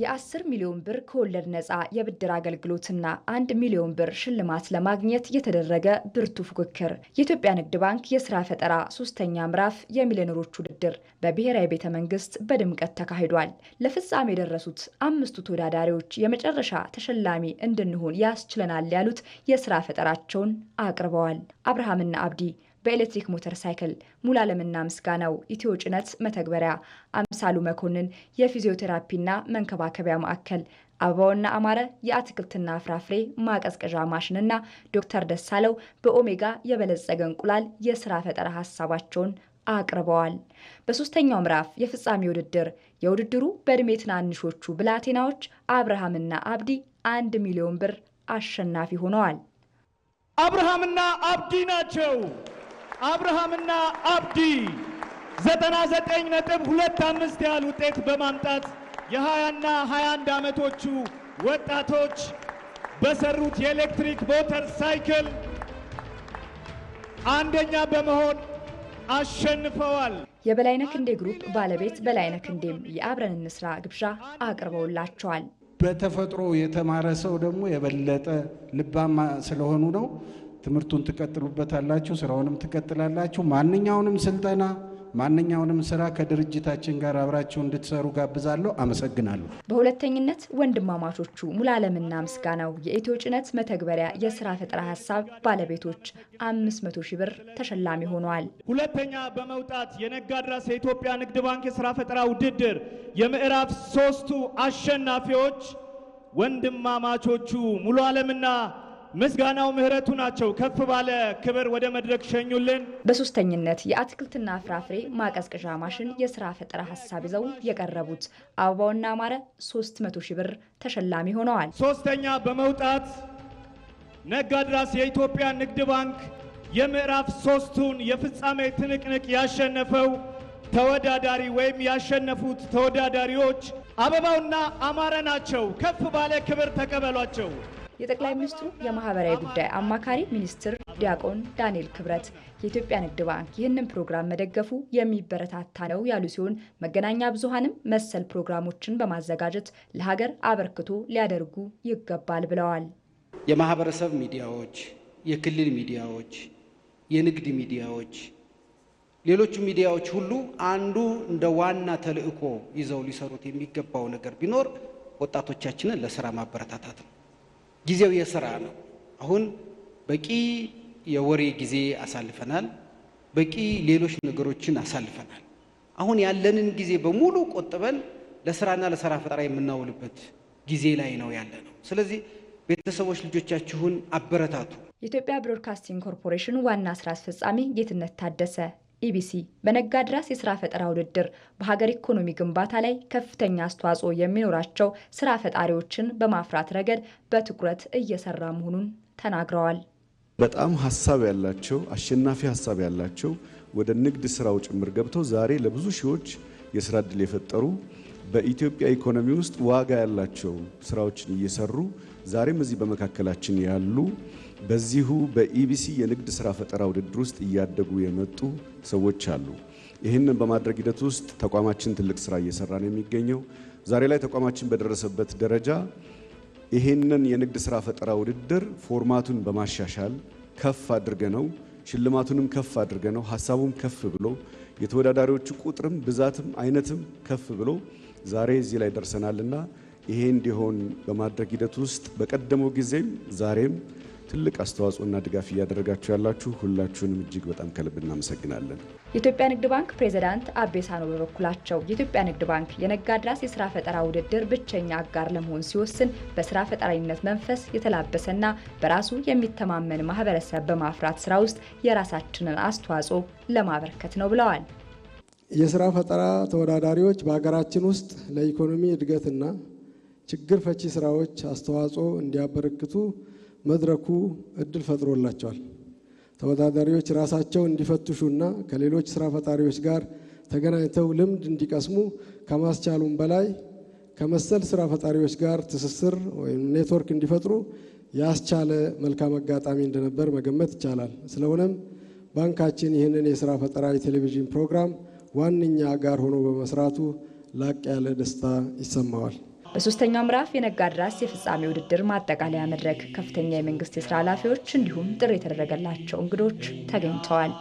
የ10 ሚሊዮን ብር ከወለድ ነፃ የብድር አገልግሎትና አንድ ሚሊዮን ብር ሽልማት ለማግኘት የተደረገ ብርቱ ፉክክር የኢትዮጵያ ንግድ ባንክ የስራ ፈጠራ ሶስተኛ ምዕራፍ የሚሊዮነሮች ውድድር በብሔራዊ ቤተ መንግስት በድምቀት ተካሂዷል። ለፍጻሜ የደረሱት አምስቱ ተወዳዳሪዎች የመጨረሻ ተሸላሚ እንድንሆን ያስችለናል ያሉት የስራ ፈጠራቸውን አቅርበዋል። አብርሃምና አብዲ በኤሌክትሪክ ሞተር ሳይክል፣ ሙላለምና ምስጋናው ኢትዮ ጭነት መተግበሪያ፣ አምሳሉ መኮንን የፊዚዮቴራፒና መንከባከቢያ ማዕከል፣ አበባውና አማረ የአትክልትና ፍራፍሬ ማቀዝቀዣ ማሽንና ዶክተር ደሳለው በኦሜጋ የበለጸገ እንቁላል የስራ ፈጠራ ሀሳባቸውን አቅርበዋል። በሶስተኛው ምዕራፍ የፍጻሜ ውድድር የውድድሩ በዕድሜ ትናንሾቹ ብላቴናዎች አብርሃምና አብዲ አንድ ሚሊዮን ብር አሸናፊ ሆነዋል። አብርሃምና አብዲ ናቸው። አብርሃምና አብዲ 99.25 ያህል ውጤት በማምጣት የ20ና 21 ዓመቶቹ ወጣቶች በሰሩት የኤሌክትሪክ ሞተር ሳይክል አንደኛ በመሆን አሸንፈዋል። የበላይነህ ክንዴ ግሩፕ ባለቤት በላይነህ ክንዴም የአብረን እንስራ ግብዣ አቅርበውላቸዋል። በተፈጥሮ የተማረ ሰው ደግሞ የበለጠ ልባማ ስለሆኑ ነው ትምህርቱን ትቀጥሉበታላችሁ፣ ስራውንም ትቀጥላላችሁ። ማንኛውንም ስልጠና ማንኛውንም ስራ ከድርጅታችን ጋር አብራችሁ እንድትሰሩ ጋብዛለሁ። አመሰግናለሁ። በሁለተኝነት ወንድማማቾቹ ሙላለምና ምስጋናው የኢትዮ ጭነት መተግበሪያ የስራ ፈጠራ ሀሳብ ባለቤቶች አምስት መቶ ሺህ ብር ተሸላሚ ሆነዋል። ሁለተኛ በመውጣት የነጋድራስ የኢትዮጵያ ንግድ ባንክ የስራ ፈጠራ ውድድር የምዕራፍ ሶስቱ አሸናፊዎች ወንድማማቾቹ ሙሉ ምስጋናው ምህረቱ ናቸው። ከፍ ባለ ክብር ወደ መድረክ ሸኙልን። በሶስተኝነት የአትክልትና ፍራፍሬ ማቀዝቀዣ ማሽን የስራ ፈጠራ ሀሳብ ይዘው የቀረቡት አበባውና አማረ 300 ሺህ ብር ተሸላሚ ሆነዋል። ሶስተኛ በመውጣት ነጋድራስ የኢትዮጵያ ንግድ ባንክ የምዕራፍ ሶስቱን የፍጻሜ ትንቅንቅ ያሸነፈው ተወዳዳሪ ወይም ያሸነፉት ተወዳዳሪዎች አበባውና አማረ ናቸው። ከፍ ባለ ክብር ተቀበሏቸው። የጠቅላይ ሚኒስትሩ የማህበራዊ ጉዳይ አማካሪ ሚኒስትር ዲያቆን ዳንኤል ክብረት የኢትዮጵያ ንግድ ባንክ ይህንን ፕሮግራም መደገፉ የሚበረታታ ነው ያሉ ሲሆን መገናኛ ብዙሃንም መሰል ፕሮግራሞችን በማዘጋጀት ለሀገር አበርክቶ ሊያደርጉ ይገባል ብለዋል። የማህበረሰብ ሚዲያዎች፣ የክልል ሚዲያዎች፣ የንግድ ሚዲያዎች፣ ሌሎቹ ሚዲያዎች ሁሉ አንዱ እንደ ዋና ተልዕኮ ይዘው ሊሰሩት የሚገባው ነገር ቢኖር ወጣቶቻችንን ለስራ ማበረታታት ነው። ጊዜው የስራ ነው። አሁን በቂ የወሬ ጊዜ አሳልፈናል። በቂ ሌሎች ነገሮችን አሳልፈናል። አሁን ያለንን ጊዜ በሙሉ ቆጥበን ለስራና ለስራ ፈጠራ የምናውልበት ጊዜ ላይ ነው ያለ ነው። ስለዚህ ቤተሰቦች ልጆቻችሁን አበረታቱ። የኢትዮጵያ ብሮድካስቲንግ ኮርፖሬሽን ዋና ስራ አስፈጻሚ ጌትነት ታደሰ ኢቢሲ በነጋድራስ የስራ ፈጠራ ውድድር በሀገር ኢኮኖሚ ግንባታ ላይ ከፍተኛ አስተዋጽኦ የሚኖራቸው ስራ ፈጣሪዎችን በማፍራት ረገድ በትኩረት እየሰራ መሆኑን ተናግረዋል። በጣም ሀሳብ ያላቸው አሸናፊ ሀሳብ ያላቸው ወደ ንግድ ስራው ጭምር ገብተው ዛሬ ለብዙ ሺዎች የስራ እድል የፈጠሩ በኢትዮጵያ ኢኮኖሚ ውስጥ ዋጋ ያላቸው ስራዎችን እየሰሩ ዛሬም እዚህ በመካከላችን ያሉ በዚሁ በኢቢሲ የንግድ ስራ ፈጠራ ውድድር ውስጥ እያደጉ የመጡ ሰዎች አሉ። ይህንን በማድረግ ሂደት ውስጥ ተቋማችን ትልቅ ስራ እየሰራ ነው የሚገኘው። ዛሬ ላይ ተቋማችን በደረሰበት ደረጃ ይህንን የንግድ ስራ ፈጠራ ውድድር ፎርማቱን በማሻሻል ከፍ አድርገ ነው ሽልማቱንም ከፍ አድርገ ነው ሀሳቡም ከፍ ብሎ የተወዳዳሪዎቹ ቁጥርም ብዛትም አይነትም ከፍ ብሎ ዛሬ እዚህ ላይ ደርሰናልና ይሄ እንዲሆን በማድረግ ሂደት ውስጥ በቀደመው ጊዜም ዛሬም ትልቅ አስተዋጽኦና ድጋፍ እያደረጋችሁ ያላችሁ ሁላችሁንም እጅግ በጣም ከልብ እናመሰግናለን። የኢትዮጵያ ንግድ ባንክ ፕሬዚዳንት አቤ ሳኖ በበኩላቸው የኢትዮጵያ ንግድ ባንክ የነጋድራስ የስራ ፈጠራ ውድድር ብቸኛ አጋር ለመሆን ሲወስን በስራ ፈጠራዊነት መንፈስ የተላበሰና በራሱ የሚተማመን ማህበረሰብ በማፍራት ስራ ውስጥ የራሳችንን አስተዋጽኦ ለማበርከት ነው ብለዋል። የስራ ፈጠራ ተወዳዳሪዎች በሀገራችን ውስጥ ለኢኮኖሚ እድገትና ችግር ፈቺ ስራዎች አስተዋጽኦ እንዲያበረክቱ መድረኩ እድል ፈጥሮላቸዋል። ተወዳዳሪዎች ራሳቸው እንዲፈትሹና ከሌሎች ስራ ፈጣሪዎች ጋር ተገናኝተው ልምድ እንዲቀስሙ ከማስቻሉም በላይ ከመሰል ስራ ፈጣሪዎች ጋር ትስስር ወይም ኔትወርክ እንዲፈጥሩ ያስቻለ መልካም አጋጣሚ እንደነበር መገመት ይቻላል። ስለሆነም ባንካችን ይህንን የስራ ፈጠራ የቴሌቪዥን ፕሮግራም ዋነኛ ጋር ሆኖ በመስራቱ ላቅ ያለ ደስታ ይሰማዋል። በሶስተኛው ምዕራፍ የነጋድራስ የፍጻሜ ውድድር ማጠቃለያ መድረክ ከፍተኛ የመንግስት የስራ ኃላፊዎች እንዲሁም ጥሪ የተደረገላቸው እንግዶች ተገኝተዋል።